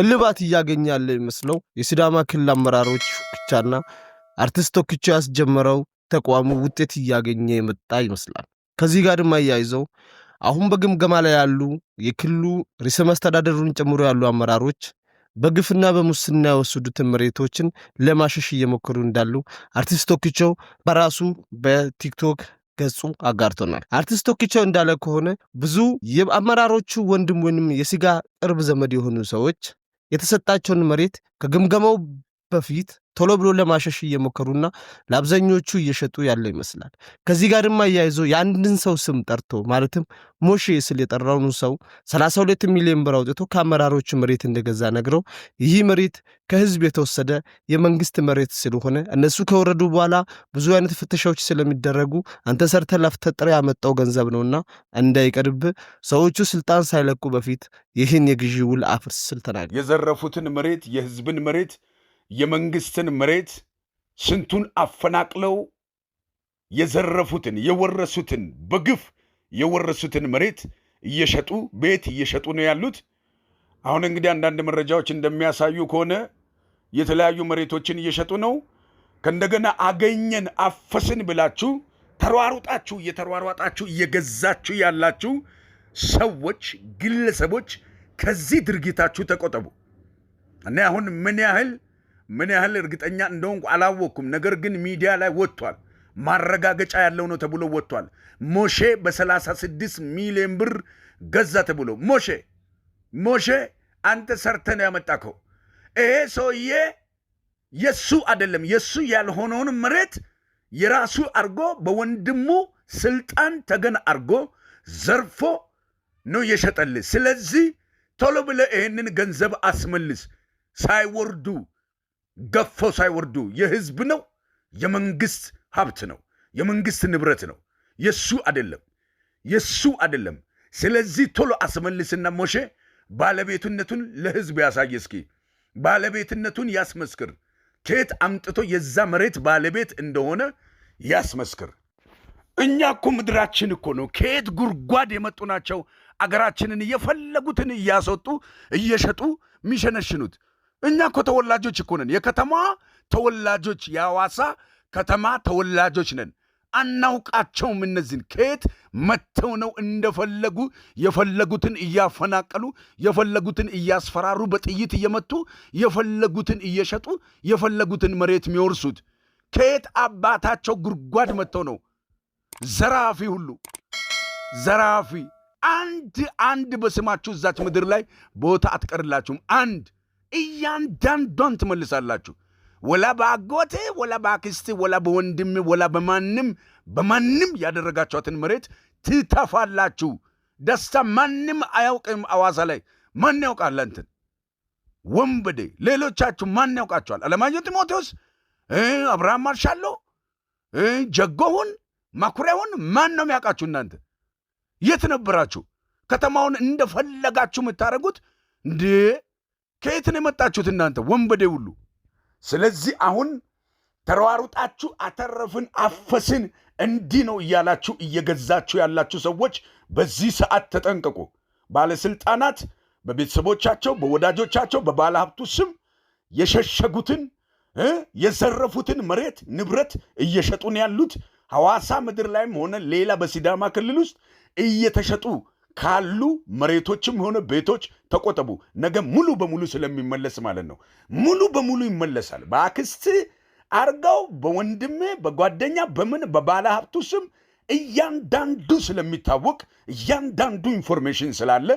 እልባት እያገኘ ያለ ይመስለው የሲዳማ ክልል አመራሮች ፉክቻና አርቲስት ቶክቻ ያስጀመረው ተቋሙ ውጤት እያገኘ የመጣ ይመስላል። ከዚህ ጋር ድማ እያይዘው አሁን በግምገማ ላይ ያሉ የክልሉ ርዕሰ መስተዳደሩን ጨምሮ ያሉ አመራሮች በግፍና በሙስና የወሰዱትን መሬቶችን ለማሸሽ እየሞከሩ እንዳሉ አርቲስት ቶክቻው በራሱ በቲክቶክ ገጹ አጋርቶናል። አርቲስት ቶክቻው እንዳለ ከሆነ ብዙ የአመራሮቹ ወንድም ወይም የስጋ ቅርብ ዘመድ የሆኑ ሰዎች የተሰጣቸውን መሬት ከግምገማው በፊት ቶሎ ብሎ ለማሸሽ እየሞከሩና ለአብዛኞቹ እየሸጡ ያለ ይመስላል። ከዚህ ጋር ድማ የአንድን ሰው ስም ጠርቶ ማለትም ሞሼ ስል የጠራውን ሰው 32 ሚሊዮን ብር አውጥቶ ከአመራሮች መሬት እንደገዛ ነግረው ይህ መሬት ከህዝብ የተወሰደ የመንግስት መሬት ስለሆነ እነሱ ከወረዱ በኋላ ብዙ አይነት ፍተሻዎች ስለሚደረጉ አንተ ሰርተ ያመጣው ገንዘብ ነውና እንዳይቀርብ ሰዎቹ ስልጣን ሳይለቁ በፊት ይህን የግዢ ውል አፍርስ ስል ተናገ የዘረፉትን መሬት የህዝብን መሬት የመንግስትን መሬት ስንቱን አፈናቅለው የዘረፉትን የወረሱትን በግፍ የወረሱትን መሬት እየሸጡ ቤት እየሸጡ ነው ያሉት። አሁን እንግዲህ አንዳንድ መረጃዎች እንደሚያሳዩ ከሆነ የተለያዩ መሬቶችን እየሸጡ ነው። ከእንደገና አገኘን አፈስን ብላችሁ ተሯሩጣችሁ እየተሯሯጣችሁ እየገዛችሁ ያላችሁ ሰዎች፣ ግለሰቦች ከዚህ ድርጊታችሁ ተቆጠቡ እና አሁን ምን ያህል ምን ያህል እርግጠኛ እንደሆንኩ አላወቅኩም። ነገር ግን ሚዲያ ላይ ወጥቷል፣ ማረጋገጫ ያለው ነው ተብሎ ወጥቷል። ሞሼ በ36 ሚሊዮን ብር ገዛ ተብሎ ሞሼ ሞሼ አንተ ሰርተ ነው ያመጣከው። ይሄ ሰውዬ የሱ አይደለም የሱ ያልሆነውን መሬት የራሱ አርጎ በወንድሙ ስልጣን ተገን አርጎ ዘርፎ ነው የሸጠልህ። ስለዚህ ቶሎ ብለህ ይህንን ገንዘብ አስመልስ ሳይወርዱ ገፈው ሳይወርዱ የህዝብ ነው፣ የመንግስት ሀብት ነው፣ የመንግስት ንብረት ነው። የሱ አይደለም፣ የሱ አይደለም። ስለዚህ ቶሎ አስመልስና ሞሼ ባለቤትነቱን ለህዝብ ያሳይ፣ እስኪ ባለቤትነቱን ያስመስክር። ከየት አምጥቶ የዛ መሬት ባለቤት እንደሆነ ያስመስክር። እኛ እኮ ምድራችን እኮ ነው። ከየት ጉድጓድ የመጡ ናቸው አገራችንን እየፈለጉትን እያስወጡ እየሸጡ የሚሸነሽኑት። እኛ እኮ ተወላጆች እኮ ነን፣ የከተማ ተወላጆች፣ የአዋሳ ከተማ ተወላጆች ነን። አናውቃቸውም። እነዚህን ከየት መጥተው ነው እንደፈለጉ የፈለጉትን እያፈናቀሉ የፈለጉትን እያስፈራሩ በጥይት እየመቱ የፈለጉትን እየሸጡ የፈለጉትን መሬት የሚወርሱት? ከየት አባታቸው ጉድጓድ መጥተው ነው? ዘራፊ ሁሉ ዘራፊ። አንድ አንድ በስማችሁ እዛች ምድር ላይ ቦታ አትቀርላችሁም። አንድ እያንዳንዷን ትመልሳላችሁ። ወላ በአጎቴ ወላ በአክስቴ ወላ በወንድም ወላ በማንም በማንም ያደረጋችኋትን መሬት ትተፋላችሁ። ደስታ ማንም አያውቅም። አዋሳ ላይ ማን ያውቃል? ወንበዴ ሌሎቻችሁ ማን ያውቃችኋል? አለማየሁ ጢሞቴዎስ፣ አብርሃም ማርሻሎ፣ ጀጎሁን፣ ማኩሪያሁን ማን ነው የሚያውቃችሁ? እናንተ የት ነበራችሁ? ከተማውን እንደፈለጋችሁ የምታደርጉት እንዴ? ከየት ነው የመጣችሁት እናንተ ወንበዴ ሁሉ? ስለዚህ አሁን ተሯሩጣችሁ አተረፍን፣ አፈስን እንዲህ ነው እያላችሁ እየገዛችሁ ያላችሁ ሰዎች በዚህ ሰዓት ተጠንቀቁ። ባለስልጣናት በቤተሰቦቻቸው በወዳጆቻቸው በባለሀብቱ ስም የሸሸጉትን የዘረፉትን መሬት ንብረት እየሸጡ ያሉት። ሐዋሳ ምድር ላይም ሆነ ሌላ በሲዳማ ክልል ውስጥ እየተሸጡ ካሉ መሬቶችም ሆነ ቤቶች ተቆጠቡ። ነገ ሙሉ በሙሉ ስለሚመለስ ማለት ነው። ሙሉ በሙሉ ይመለሳል። በአክስት አርጋው፣ በወንድሜ፣ በጓደኛ፣ በምን በባለ ሀብቱ ስም እያንዳንዱ ስለሚታወቅ እያንዳንዱ ኢንፎርሜሽን ስላለ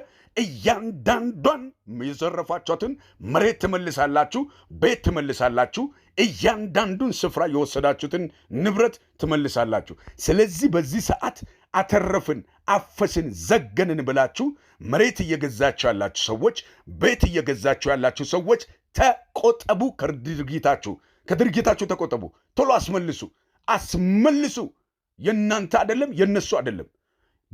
እያንዳንዷን የዘረፋችኋትን መሬት ትመልሳላችሁ፣ ቤት ትመልሳላችሁ፣ እያንዳንዱን ስፍራ የወሰዳችሁትን ንብረት ትመልሳላችሁ። ስለዚህ በዚህ ሰዓት አተረፍን፣ አፈስን፣ ዘገንን ብላችሁ መሬት እየገዛችሁ ያላችሁ ሰዎች፣ ቤት እየገዛችሁ ያላችሁ ሰዎች ተቆጠቡ። ከድርጊታችሁ ከድርጊታችሁ ተቆጠቡ። ቶሎ አስመልሱ፣ አስመልሱ። የእናንተ አይደለም፣ የነሱ አይደለም።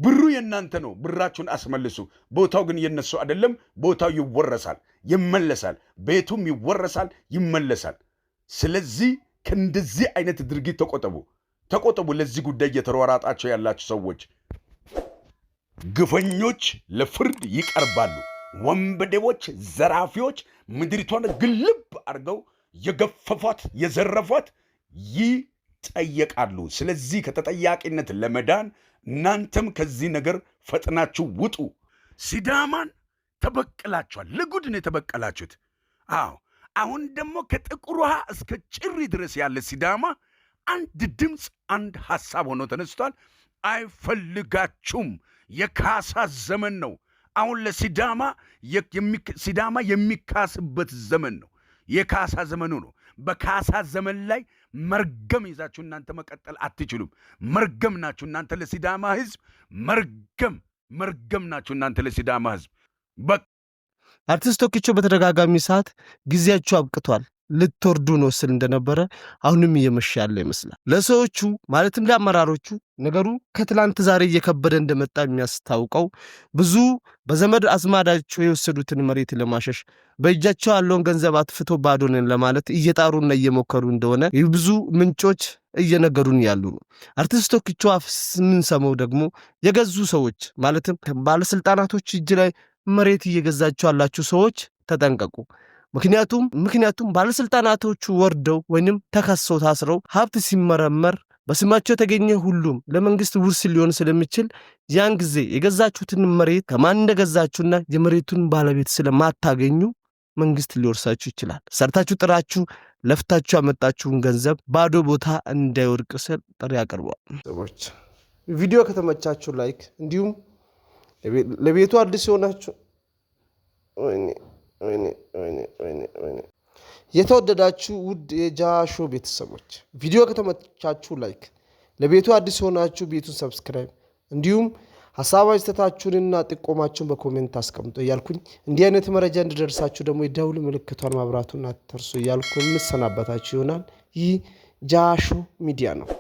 ብሩ የእናንተ ነው። ብራችሁን አስመልሱ። ቦታው ግን የነሱ አይደለም። ቦታው ይወረሳል፣ ይመለሳል። ቤቱም ይወረሳል፣ ይመለሳል። ስለዚህ ከእንደዚህ አይነት ድርጊት ተቆጠቡ። ተቆጠቡ። ለዚህ ጉዳይ እየተሯሯጣቸው ያላችሁ ሰዎች ግፈኞች ለፍርድ ይቀርባሉ። ወንበዴዎች፣ ዘራፊዎች ምድሪቷን ግልብ አድርገው የገፈፏት የዘረፏት ይጠየቃሉ። ስለዚህ ከተጠያቂነት ለመዳን እናንተም ከዚህ ነገር ፈጥናችሁ ውጡ። ሲዳማን ተበቅላችኋል። ለጉድ ነው የተበቀላችሁት። አዎ አሁን ደግሞ ከጥቁር ውሃ እስከ ጭሪ ድረስ ያለ ሲዳማ አንድ ድምፅ፣ አንድ ሐሳብ ሆኖ ተነስቷል። አይፈልጋችሁም። የካሳ ዘመን ነው። አሁን ለሲዳማ ሲዳማ የሚካስበት ዘመን ነው። የካሳ ዘመኑ ነው። በካሳ ዘመን ላይ መርገም ይዛችሁ እናንተ መቀጠል አትችሉም። መርገም ናችሁ እናንተ ለሲዳማ ህዝብ መርገም መርገም ናችሁ እናንተ ለሲዳማ ህዝብ አርቲስት በተደጋጋሚ ሰዓት ጊዜያችሁ አብቅቷል ልትወርዱ ነው ስል እንደነበረ አሁንም እየመሸ ያለ ይመስላል። ለሰዎቹ ማለትም ለአመራሮቹ ነገሩ ከትላንት ዛሬ እየከበደ እንደመጣ የሚያስታውቀው ብዙ በዘመድ አዝማዳቸው የወሰዱትን መሬት ለማሸሽ በእጃቸው ያለውን ገንዘብ አትፍቶ ባዶንን ለማለት እየጣሩና እየሞከሩ እንደሆነ ብዙ ምንጮች እየነገሩን ያሉ ነው። አርቲስት ቶክቻ ደግሞ የገዙ ሰዎች ማለትም ባለስልጣናቶች እጅ ላይ መሬት እየገዛችሁ ያላችሁ ሰዎች ተጠንቀቁ። ምክንያቱም ምክንያቱም ባለስልጣናቶቹ ወርደው ወይንም ተከሰው ታስረው ሀብት ሲመረመር በስማቸው የተገኘ ሁሉም ለመንግስት ውርስ ሊሆን ስለሚችል ያን ጊዜ የገዛችሁትን መሬት ከማን እንደገዛችሁና የመሬቱን ባለቤት ስለማታገኙ መንግስት ሊወርሳችሁ ይችላል። ሰርታችሁ ጥራችሁ ለፍታችሁ ያመጣችሁን ገንዘብ ባዶ ቦታ እንዳይወድቅ ስል ጥሪ ያቀርቧል። ቪዲዮ ከተመቻችሁ ላይክ፣ እንዲሁም ለቤቱ አዲስ የሆናችሁ የተወደዳችሁ ውድ የጃሾ ቤተሰቦች ቪዲዮ ከተመቻችሁ ላይክ፣ ለቤቱ አዲስ የሆናችሁ ቤቱን ሰብስክራይብ፣ እንዲሁም ሀሳብ አስተያየታችሁንና ጥቆማችሁን በኮሜንት አስቀምጦ እያልኩኝ እንዲህ አይነት መረጃ እንዲደርሳችሁ ደግሞ የደውል ምልክቷን ማብራቱን አትርሱ እያልኩ የምሰናበታችሁ ይሆናል። ይህ ጃሾ ሚዲያ ነው።